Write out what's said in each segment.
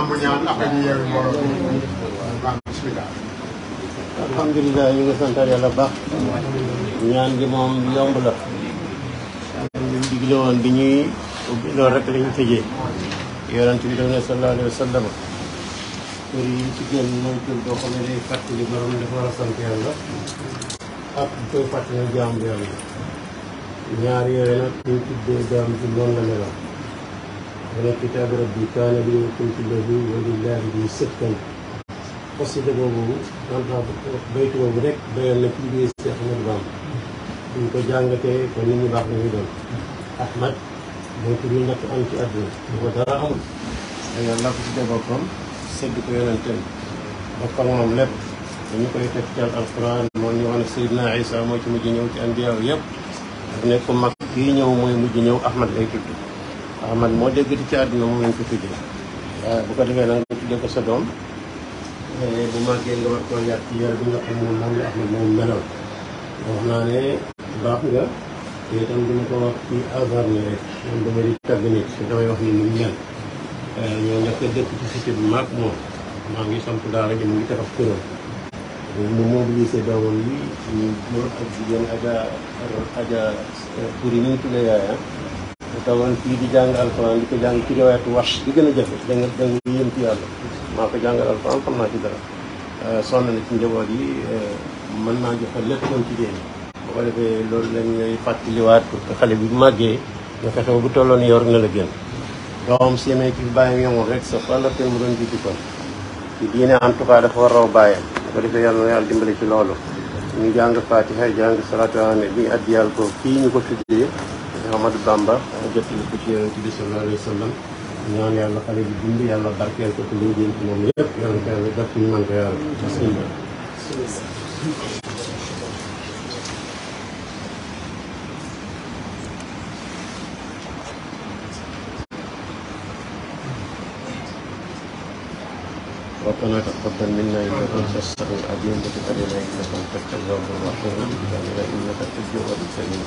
imam bu ñaan après baax ñaan gi moom yomb la liñ digle woon bi ñuy ubbi loolu rek lañu tëjee yonent bi daf ne sallallahu alayhi wa sallam kër yi ci gën mooy kër boo xam ne day fàttali borom dafa war a sant yàlla ak koy fàttali jaam yàlla ñaar yooyu nag ñu tuddee jaam ci noonu la meloon wala kitaabu rabbi kaana bi wa kuntu lahu wa lillaahi bi sitkan xasida boobu en tant que baytu boobu rek doyoon na ci biir Seex Ahmadu Bamba duñ ko jàngatee ko nit ñu baax la ñuy doon Ahmad mooy tur ñu nekk am ci àdduna bu ko dara amul yàlla ko si boppam sëdd ko yonentam boppam moom lépp dañu koy teg ci alquran moo ñu wax ne Seydina Isa moo yëpp daf ne ko mag kii ñëw mooy mujj ñëw Ahmad lay tudd waaw ah, man moo déggati ci àdduna moom lañ ko tuddee waaw ah, bu ko defee nag nga tuddee ko sa doom eh, bu màggee nga war koo yar ci nga xam moom la Ahmed moom meloon wax naa ne baax nga te ko wax ci hasard ni rek eh, moom maa ngi samp daara ji mu ngi taxaw kuréel mu mobilisé doomam yi ñu góor ak jigéen aja aja pour yi ñu tuddee yaaya bu toogoon fii di jàng alxuraan di ko jàng ci riwaayatu warsh gën a jafe da nga da nga yëm ci yàlla maa ko jàngal alxuraan xam naa ci dara euh, sonn na ci njaboot yi euh, mën naa joxe lépp moom ci déen bu ko defee loolu lañ ngay fàttaliwaat ko xale bi bu màggee nga fexe bu tolloon yor na la gën doom si yemee ci bàyyam yemoon rek sa fa la te mu doon jiitu kon ci diine en tout cas dafa war raw bàyyam bu ko defee yàlla na yàlla dimbale ci loolu ñu jàng faatiha jàng salaatu ala nabi addi yàlla ko kii ñu ko tuddee Cheikh Amadou Bamba jottali ko ci yonent bi sallallahu alayhi wa sallam ñaan yàlla xale bi dund yàlla barkeel ko ci liñ jëm ci moom yëpp yonent yàlla def ñu mën ko yàlla ربنا تقبل منا انك انت السميع العليم وتب علينا انك انت التواب الرحيم انك تبدع وتسلم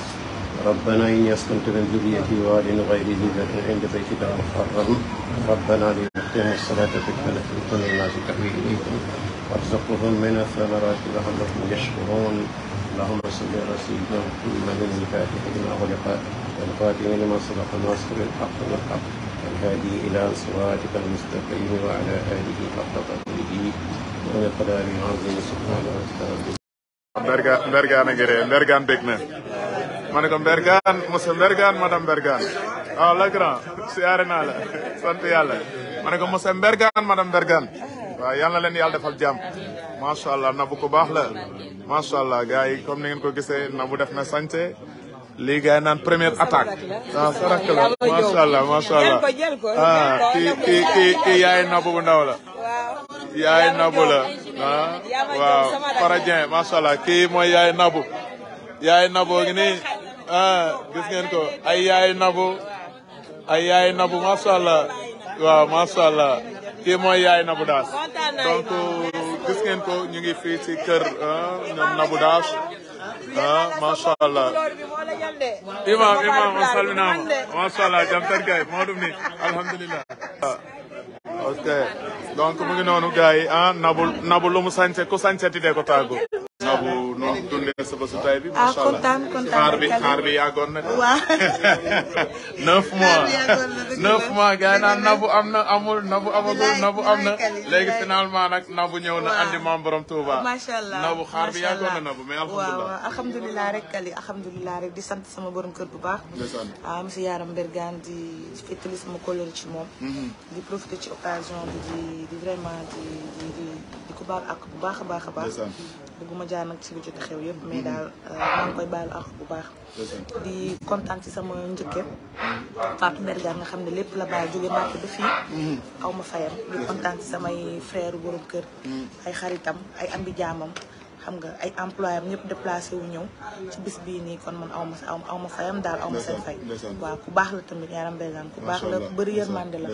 ربنا إني أسكنت من ذريتي واد غير ذي ذات عند بيتك المحرم ربنا ليقيم الصلاة فكفنا في الناس تحوي إليكم وارزقهم من الثمرات لعلهم يشكرون اللهم صل على سيدنا محمد الفاتح لما غلق والخاتم لما سبق الناصر الحق والحق الهادي إلى صراطك المستقيم وعلى آله حق قدره ومقدار عظيم سبحانه وتعالى Mbergane Mbergane Gueye Mbergane bég na ma ne ko Mbergane monsieur Mbergane madame Mbergane a ah, la grand siyaare naa la sant yàlla ma ne ko monsieur Mbergane madame Mbergane waa yàlla leen yàlla defal jàmm macha allah nabu ko baax la macha allah gars yi comme ni ngeen ko gisee nabu def na sànce lii gars naan première attaque waaw ah, sa rakk la macha allah macha ah, yaay nabu bu ndaw la yaay nabu la ah waaw Fara Dieng yaay nabu yaay naboo ngi ah gis ngeen ko ay yaay nabu ay yaay nabu macha waaw macha allah kii yaay nabu daas donc gis ngeen ko ñu ngi fii ci kër ah, ñoom nabu daas ah macha allah imam imam on salminama macha allah jam tar gay moo ni alhamdulillah ok donc mu ngi noonu gars yi ah nabu nabu mu sañse ku sañse ti dee ko tàggu nga bu bi. Ah, bi xaar na de. nabu am na amul nabu amagul nabu am na. léegi finalement nag nabu ñëw na andi maam borom Touba. macha allah nabu xaar bi yàggoon na nabu mais alhamdulilah. waaw alhamdulilah rek Kali alhamdulilah rek di sant sama borom kër bu baax. ah si Yaram Bergan di fëttali sama kóllëre ci moom. Mm-hmm. di profiter ci occasion di di di di di ak bu baax a baax a baax. bëgguma jaar nag ci lu jot a xew yëpp mais daal euh, maa ngi koy baalu ak bu baax di kontaan ci sama njëkke Fatou Berga nga xam ne lépp la baax jóge Mbàkke ba fii aw ma fayam di kontaan ci samay frère borom kër ay xaritam ay am bi jaamam xam nga ay employé am ñëpp déplacé wu ñëw ci bis bii nii kon man aw ma aw ma fayam daal aw ma seen fay waaw ku baax la tamit yaram Berga ku baax la bëri yërmande la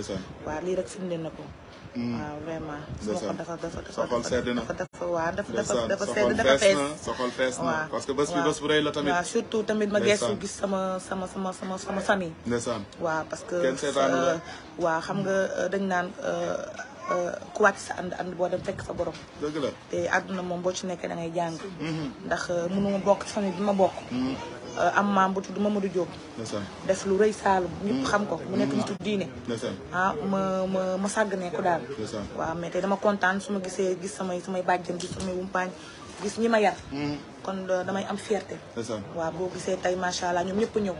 waaw lii rek firnde na ko Mm. waaw vraiment. ndeysaan dafa dafa dafa dafa dafa waaw dafa dafa dafa sedd dafa fees. soxol fees que bés bi bés bu rëy tamit. waaw surtout tamit ma geesu gis sama sama sama sama sama famille. ndeysaan waaw parce que. kenn seetaanu la xam nga euh, dañ naan. Euh, euh, ku wàcc sa ànd ànd boo dem fekk sa borom. dëgg la te àdduna moom boo ci nekkee da ngay jàng. Mm-hmm. ndax mënu ma bokk famille bi ma bokk. Mm-hmm. am maam bu tudd Mamadou Diop def lu rëy Saalum ñëpp mm. xam ko mu nekk nitu mm. diine ah ma ma ma sàgganee ko daal waa mais tey dama kontaan su ma gisee gis samay samay bàjjan gis samay wumpaañ gis ñi ma yar mm. kon euh, damay am fierté waaw boo gisee tey macha allah ñoom ñëpp ñëw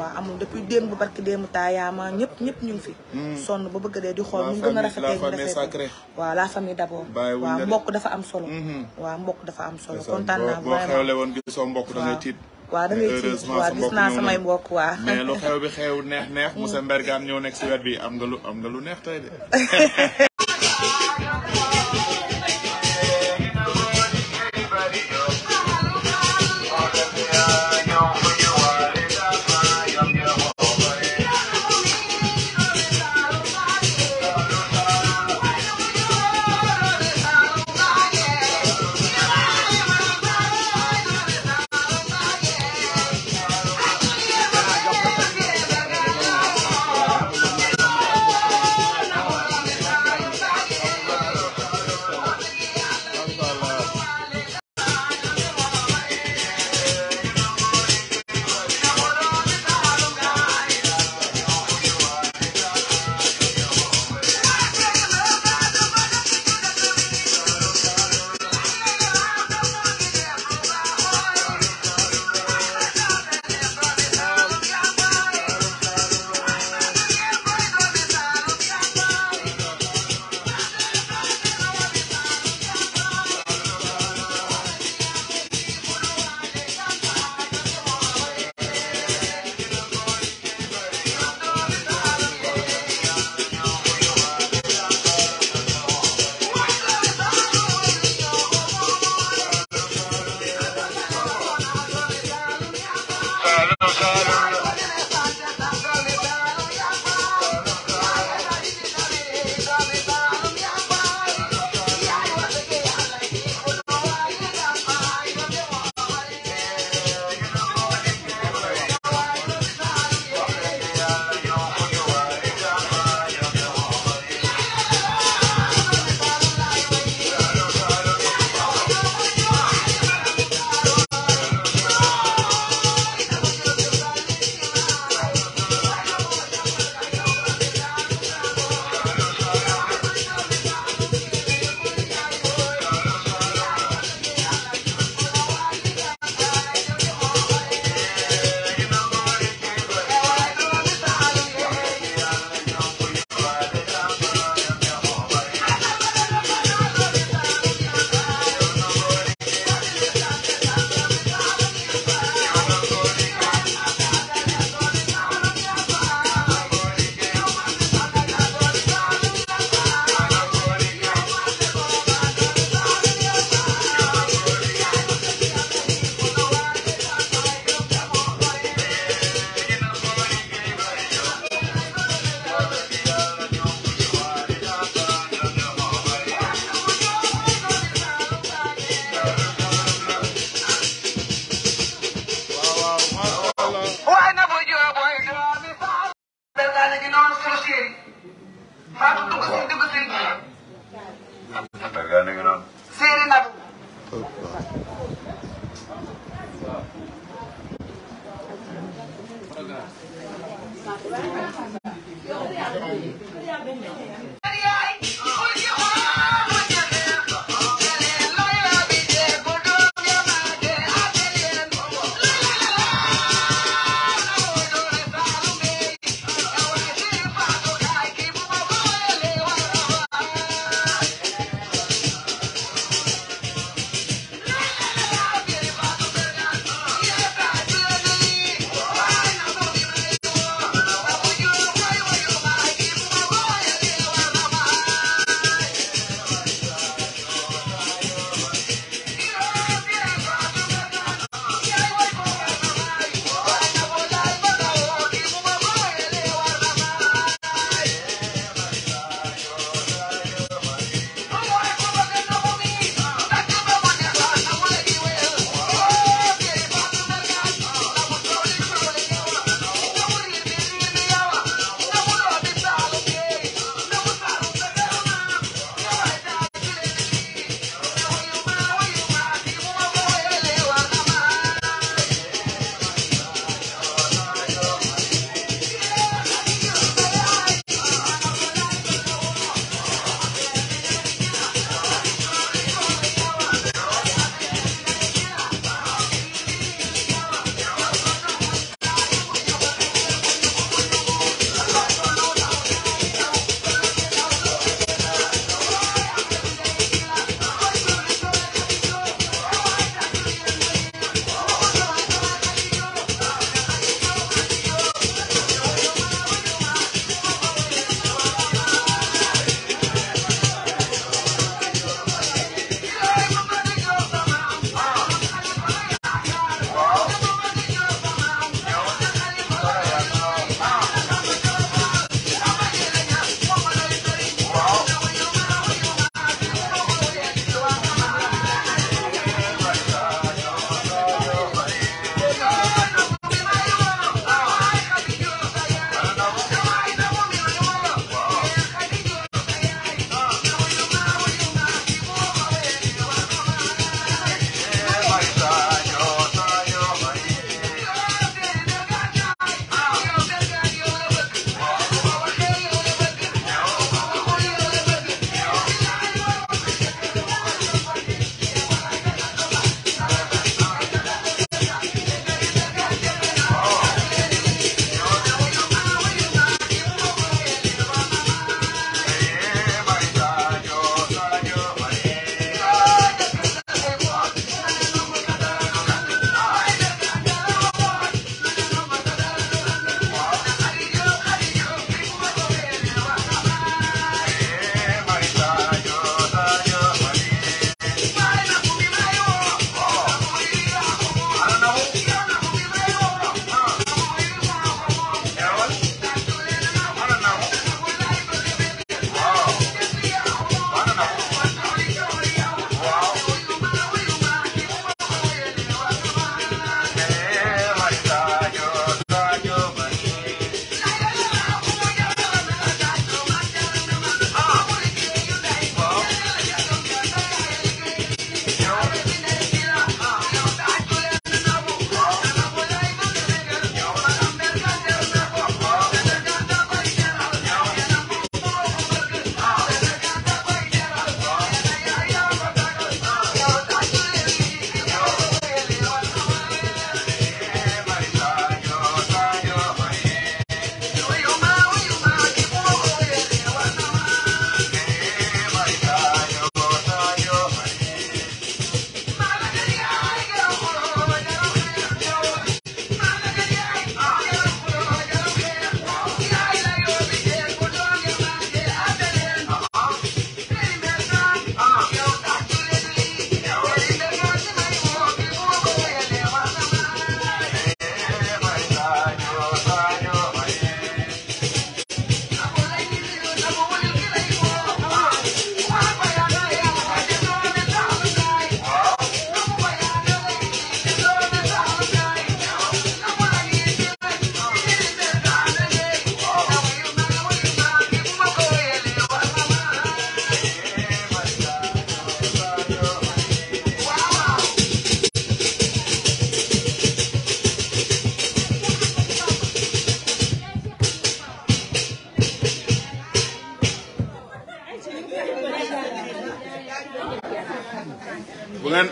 waaw amul depuis démb barki démb taayaama ñëpp ñëpp ñu ngi fi sonn ba bëgg dee di xool ñu gën a rafetee ñu rafetee waaw la famille d'abord mm-hmm. waaw mbokk dafa am solo waaw mbokk dafa am solo kontaan naa boo xewle woon gisoo mbokk da ngay tiit waaw da ngay ci waaw gis naa samay mbokk waa mais bi xew neex neex mm. Moussa Mbergane ñëw nekk si bi am nga lu am nga lu neex tey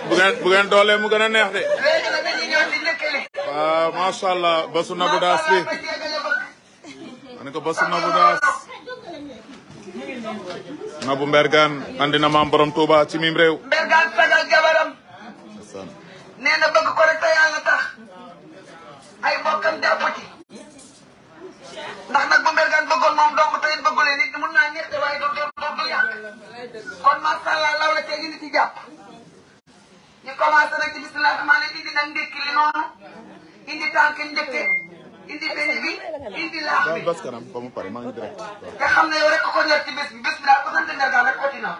bu ngeen bu ngeen doolee mu gën a neex de. waaw macha allah basu nabu daas bi. ma ne ko basu nabu daas. na maam borom Touba ci mim réew. mbergan sagal jabaram. nee na bëgg ko rek te tax. ay bokkam jàpp ci. ndax nag bu mbergan moom dong te it nit mun naa ñetti waaye du du du yàq. kon macha law la tey nit yi commencé nag ci bisimilah rahmaani indi nag ndékki li noonu indi tànk njëkte indi benn bi indi laax bi. te xam ne yow rek ko ko ñor ci bés bi bés bi daal ko sant Ndergane rek ko ci naaw.